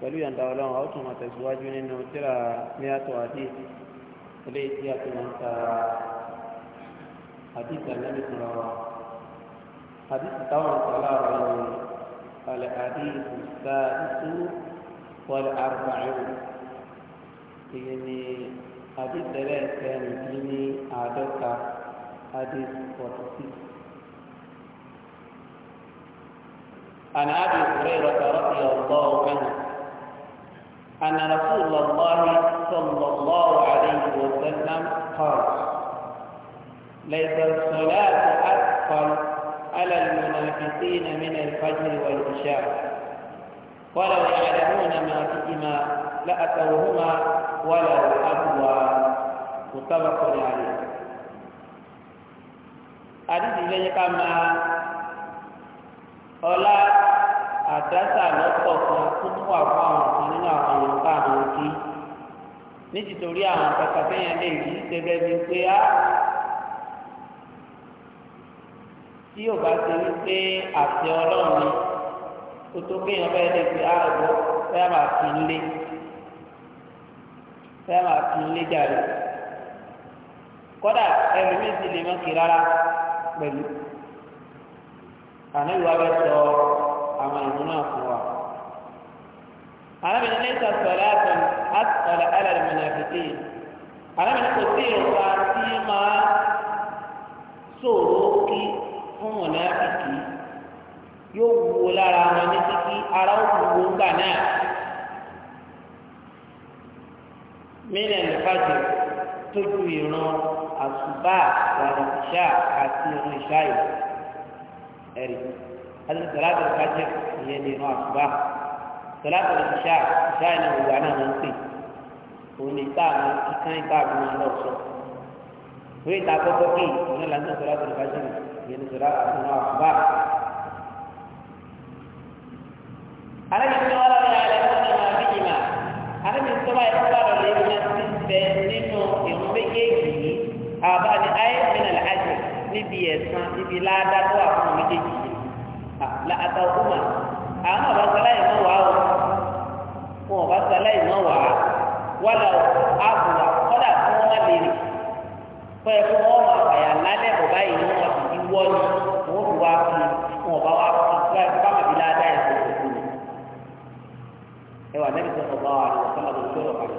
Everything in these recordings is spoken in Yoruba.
pẹ̀lú ìyàǹda ọlọ́run a ó tún máa tẹ̀síwájú nínú tíra miato adi eléyìí tí a ti máa ń ta àdìsí àlẹ́lẹ́ fún wa àdìsí táwọn ìtàlá ọ̀rọ̀ yìí alẹ́ àdìsí sáà ìtú wọlé àrùbá ẹ̀rù ìyẹn ni àdìsí ẹlẹ́ẹ̀kẹ́ nìdí ní àádọ́ta àdìsí forty عن ابي هريره رضي الله عنه أن رسول الله صلى الله عليه وسلم قال ليس الصلاة أثقل على المنافقين من الفجر والعشاء ولو يعلمون ما فيهما لأتوهما ولو أبوى متفق عليه àdìsí ilé yẹn ká máa ọlá àdásà lọ́tọ̀ kan àwọn ní tìtorí àwọn kàkà fẹ́yàn lè rí gẹ́gẹ́ bí pé á tí yóò bá ti rí pé àti ọlọ́run ni kó tó kéèyàn bẹ́ẹ̀ lè pé á ọ̀dọ́ fẹ́ẹ́ máa fi ń lé fẹ́ẹ́ máa fi lé jàre kódà ẹ̀rí méjì lè má kí rárá pẹ̀lú àná ìwà bẹ́ẹ̀ sọ àwọn ìlú náà fún أنا من ليس صلاة أثقل على المنافقين أنا من قصير فاتيما سوروكي منافقي يقول على منافقي أراوك بوغانا من الفجر تجويرون الصباح والرشاء كثير الشاي أريد هذا الثلاثة الفجر هي دينو الصباح tọ́látọ̀ lè ṣá ṣá ìlànà ìgbà náà ló ń pè òun ní táàmù kíkán ìtààmù náà lọ sọ orí ìta àkọ́kọ́ kí ìwọ̀n náà lásán tọ́látọ̀ lè fásitì ìyẹn ní tọ́látọ̀ àti náà àbá. alábìsí ni wọn lọ rí alẹ́ fún ọmọ àbíyí mà alábìsí tó bá yẹ kó bá lọ lé ní ẹni bẹ nínú ìwọ̀n méjèèjì yìí àbá ni ayé ìpínlẹ̀ àjẹ níbi ẹ̀sán níbi ládàá tó wà méjèèjì yìí àwọn ọba sáláì mọ́ wàá o wọn ọba sáláì mọ́ wàá wàlà àbùwà kọ́dà fún wọn má lè rìn kọ́ ẹ fún wọn máa fàyà lálẹ́ bàbá yìí wọn máa fi wọ́ ni wọn fi wá fún wọn ọba wá fún wọn bá bá màbí láàdá ẹ̀ fún òkú ni. ẹ wà nẹ́bí sọ̀rọ̀ bá wà lọ sọ́nà tó sọ̀rọ̀ bá lọ.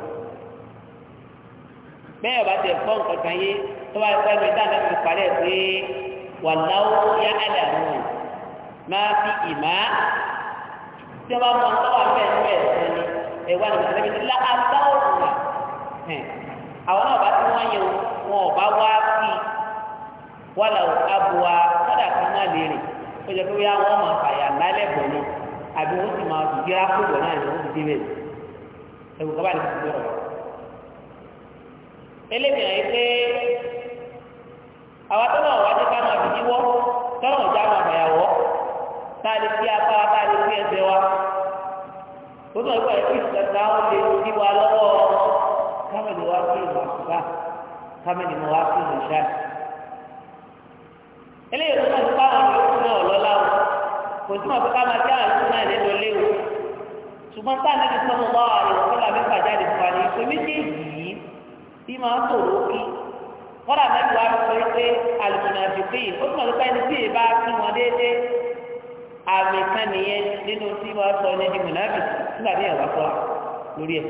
bẹ́ẹ̀ ọba tẹ̀ fọ́ nǹkan kan yé tó bá fẹ́ mi dáná mi parẹ́ pé wàláwó yá ẹ̀dà mú máa fi ìmá tí wọ́n bá mọ sọ́wọ́ bẹ́ẹ̀ bẹ́ẹ̀ sẹ́ni ẹ̀wá ní sẹ́ni ti la àtàwọn òkùnrin ẹ̀ àwọn náà bá tí wọ́n yẹ wọn ọ̀bá wá sí wàlà àbúwá kọ́dà kan náà lè rìn ó jẹ́ pé wíyá wọ́n máa fàyà lálẹ́ bọ̀ ni àbí wọ́n sì máa fi yíra kó bọ̀ náà ni wọ́n fi dé bẹ́ẹ̀ ẹ̀wù kọ́ bá ní ti dọ̀rọ̀ eléyìí náà yẹ pé àwọn tó náà wá dé ká máa fi yíwọ́ tọ́nà ìjà máa fàyà wọ́ tá a lè fi apá wa tá a lè fi ẹsẹ̀ wa ó náà gbọ́dọ̀ kí ìsọ̀tà lè di wa lọ́wọ́ kámẹ́lì wa fi ìmọ̀ àṣùbà kámẹ́lì mọ̀ wa fi ìmọ̀ ṣá. eléyìí tó náà ti báwọn yòókù náà lọ́la o kò tí wọn fi ká máa jáwé tó náà lẹ́nu lé o ṣùgbọ́n táwọn ẹni sọ́mu bá wà lọ́wọ́ kí làbí pàjáde fún wa ní ìpè méjèèjì yìí bí máa ń tòrò kí wọ́n rà mẹ́tò wa fi pé alùpùpù náà fi pé ó túnmọ̀ nípa ẹni tí èèbá kí wọn déédéé àmì kan nìyẹn nínú tí wọ́n sọ ní ẹni mùnàbì nígbà tí ìyàwó sọ lórí ẹ̀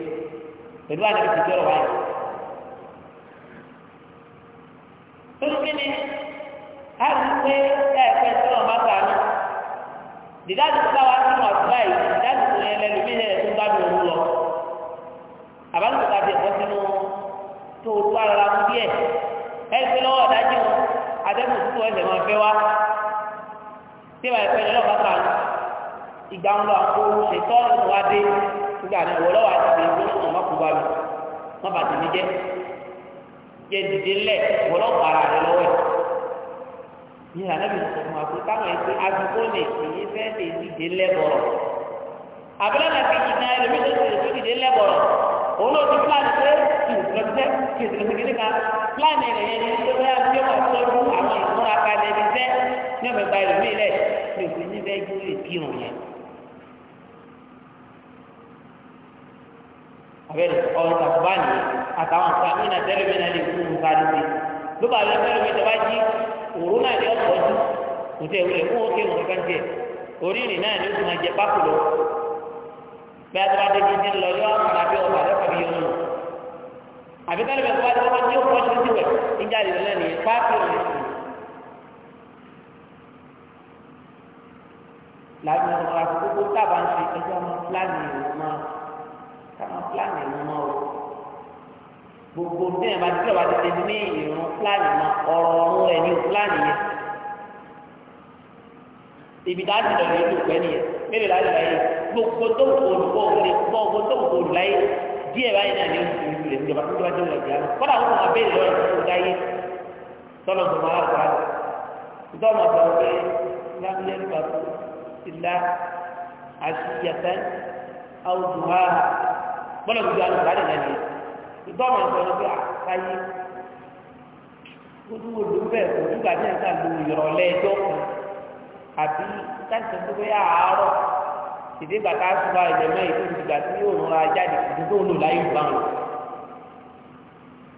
pẹ̀lú àdébí ti jọrọ wáyé. lórí kíni a rí pé ẹ̀ẹ́fẹ́ tí wọ́n bá ta ní dídájú tó báwa sínú ọ̀sùn báyìí dídájú tó yẹn lẹ́nu bí ẹ̀ tó gbádùn òun lọ àbálùkù ta ti ẹ̀kọ́ sínú tó o tó ara la mú díẹ̀ ẹ̀ ń pẹ́ lọ́wọ́ ọ̀dájú àtẹ́kùn tó tí wàá pẹ́ lọ́wọ́ bá ìgbà ń lọ àpò ṣètọ́ ìlú wa dé nígbà náà wọ́n lọ́wọ́ àti ìgbà tó wọ́n kú bá mi wọ́n bàtí mi jẹ́ jẹ́ dìde lẹ̀ wọ́n lọ́wọ́ ara rẹ lọ́wọ́ ẹ̀ ní ìlànà mi sọ fún wa pé táwọn ẹgbẹ́ agbègbè lè fi yín fẹ́ lè dìde lẹ̀ bọ̀rọ̀ àbúrò náà fi yìí náà ẹlòmíì tó ti lè fi dìde lẹ̀ bọ̀rọ̀ òun ló ti pílánì pé kì í lọ sí kì í lọ sí kì í ká pílánì rẹ̀ yẹn ni ó bẹ́ẹ̀ fẹ́ lè kírun yẹn. abẹ́rẹ́ ọ̀rọ̀ tàbá ni àtàwọn nǹkan mí náà tẹ́lẹ̀ mẹ́ta lè fún un ká lóde ló bá lọ tẹ́lẹ̀ mẹ́ta bá jí òru náà ni ọ̀pọ̀ jù kò tẹ̀ wúlẹ̀ fún òkè òun kankan jẹ orí ìrìn náà ni ó sì máa jẹ pákó lọ bẹ́ẹ̀ tó bá dé jíjí lọ yọ àkàrà ọba lọ́kọ̀ bí yọ lọ àbí tẹ́lẹ̀ mẹ́ta bá dé wọ́n ní ọ̀pọ̀ jù sí wẹ̀ níjà lè ni pákó lọ láti ọ̀rọ̀ àkókò tábà ń ṣe ẹjọ́ ọmọ pílánì ìwọ̀n máa káwọn pílánì ìwọ̀n máa o gbogbo bẹ́ẹ̀ bá ti sọ̀rọ̀ àti tẹ̀lé ní ìrún pílánì máa ọ̀rọ̀ ọ̀run rẹ̀ ní pílánì yẹn ibi tá a ti lọ̀rọ̀ yìí lùpẹ́ nìyẹn mélòó láti láyé gbogbo tó ń kó olùkọ́ òde gbogbo tó ń kó olùláyé díẹ̀ báyìí náà ní oṣù ìlú rẹ̀ níjọba tó wájú jẹ́ kọ́dà ó الله عشية أو ضحاها ولا تجعل بعد ذلك ìbáwọn ọ̀sán ló fi àkáyé ojú wo ló bẹ̀ kó nígbà tí ẹ̀ka lu ìrọ̀lẹ́ ẹjọ́ kan àbí táìsì tó bẹ́ àárọ̀ ìdí bàtà àṣùbà ilẹ̀ mẹ́rin tó ti gbà tí yóò rọra jáde ìdí tó ń lò láyé ìgbà wọn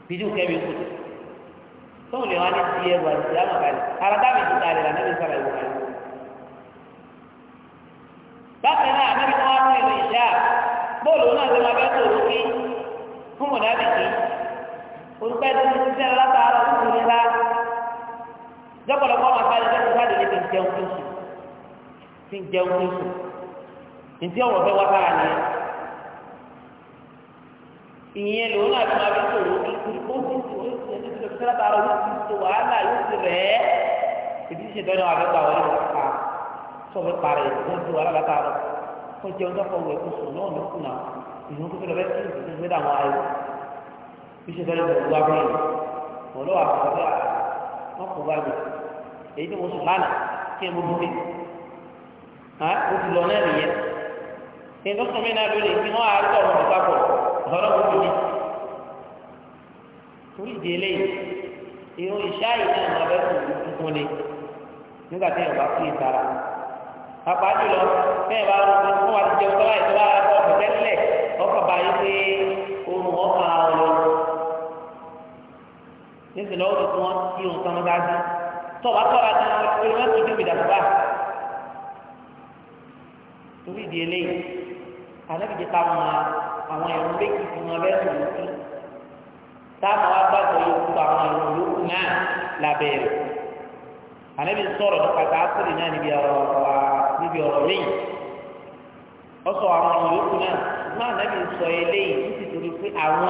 bídú kẹ́mi kù tóun lè wá ní ti ẹ̀rọ àti ìyá màkàlẹ̀ ara dábìtì kalẹ̀ lànà ìsàlẹ̀ ìwọ̀n kalẹ̀. bọ́ọ̀lù náà ti máa bẹ́ tó o kí fún mọ̀dábì kí orúkọ ẹni tó ti sẹ́ni látara tó ti nira lọ́pọ̀lọpọ̀ máa sáré lẹ́sìn sáré lè fi ń jẹun tó sùn fi ń jẹun tó sùn ntí ọ̀rọ̀ fẹ́ wá sára nìyẹn ìyẹn lòun náà ti máa bẹ́ tó o kí kúrú ó ti ti sẹ́ni látara ó ti tó ìdí ìṣèjọ́ ni fẹ́ gbà wọlé wọ́n pa sọ́ọ̀ fẹ́ parẹ́ ìdí kó jẹun tó kọ wẹ̀ kó sùn náà ló kùnà ìlú tó fẹ́rẹ̀ bẹ́ẹ̀ tó fẹ́rẹ̀ dàwọn ayò bí ṣe fẹ́rẹ̀ bẹ̀rẹ̀ wá bẹ́ẹ̀ mọ̀ lọ́wọ́ àkọ́kọ́ ah, wọn kò bá jẹ èyí tó mo sùn lánàá kí ẹ mo dúpẹ́ ó ti lọ náà nìyẹn èyí tó sùn mí náà lórí ìdí wọn àárọ̀ ọ̀rọ̀ nípa pọ̀ ọ̀rọ̀ wọn kò ní torí ìdí eléyìí ìrún ìṣáà náà ní abẹ́kùn tuntun ni àpájù lọ bẹ́ẹ̀ bá wọn fún wa ti jẹun tọ́lá ìtọ́lá ọkọ̀ ọ̀fẹ́ tẹ́lẹ̀ ọkọ̀ bá yí pé oorun wọn fa ọ lọ. níṣẹ́ lọ́wọ́ tó fún wọn kí òun tán bá dé tọ́ba tọ́ba dé orí wọn kì í tóbi dàgbà. torí ìdí eléyìí àlẹ́bìjẹ́ ká mọ àwọn ẹ̀rọ méjì fún wọn bẹ́ẹ̀ sọ̀rọ̀ sí. táwọn wá gbàgbọ́ yóò kú àwọn ẹ̀rọ yòókù náà lábẹ́ rẹ̀ sọ̀rọ̀ nípa káàkiri náà níbi ọ̀rọ̀ wa. níbi ọ̀rọ̀ lẹ́yìn ọsọ àwọn ìyókù náà ṣùgbọ́n ànábì sọ eléyìí títí torí pé àwọn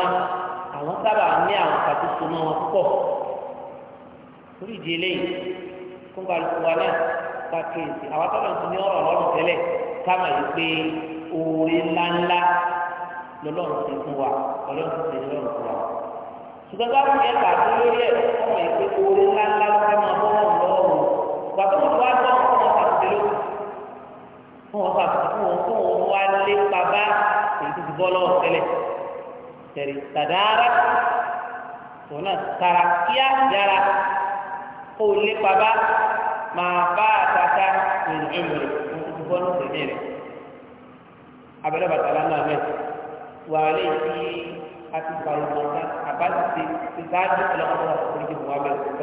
àwọn sábà ní àwọn pàtó sọmọ wọn púpọ̀ torí ìdí eléyìí fún kálukú wa náà pàkíyèsí àwọn ti ní ọ̀rọ̀ lọ́rùn tẹ́lẹ̀ yìí pé oore ńláńlá lọ́lọ́run ti fún wa ti fún wa ṣùgbọ́n Dari tàdára òun náà jarak, kulit yára kó o lé bàbá máa bá àtàtà nínú ìmọ̀lẹ̀ fún ìdúgbò náà tẹ̀lé rẹ̀ abẹ́rẹ́ bàtà lánàá mẹ́ wàhálà yìí àti balùwọ̀n náà àbájáde ti dájú ọlọ́kọ̀ọ́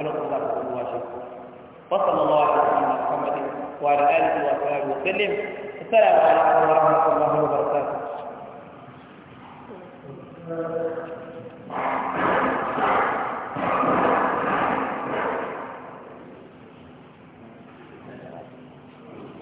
náà وصلى الله على سيدنا محمد وعلى اله وصحبه وسلم السلام عليكم ورحمه الله وبركاته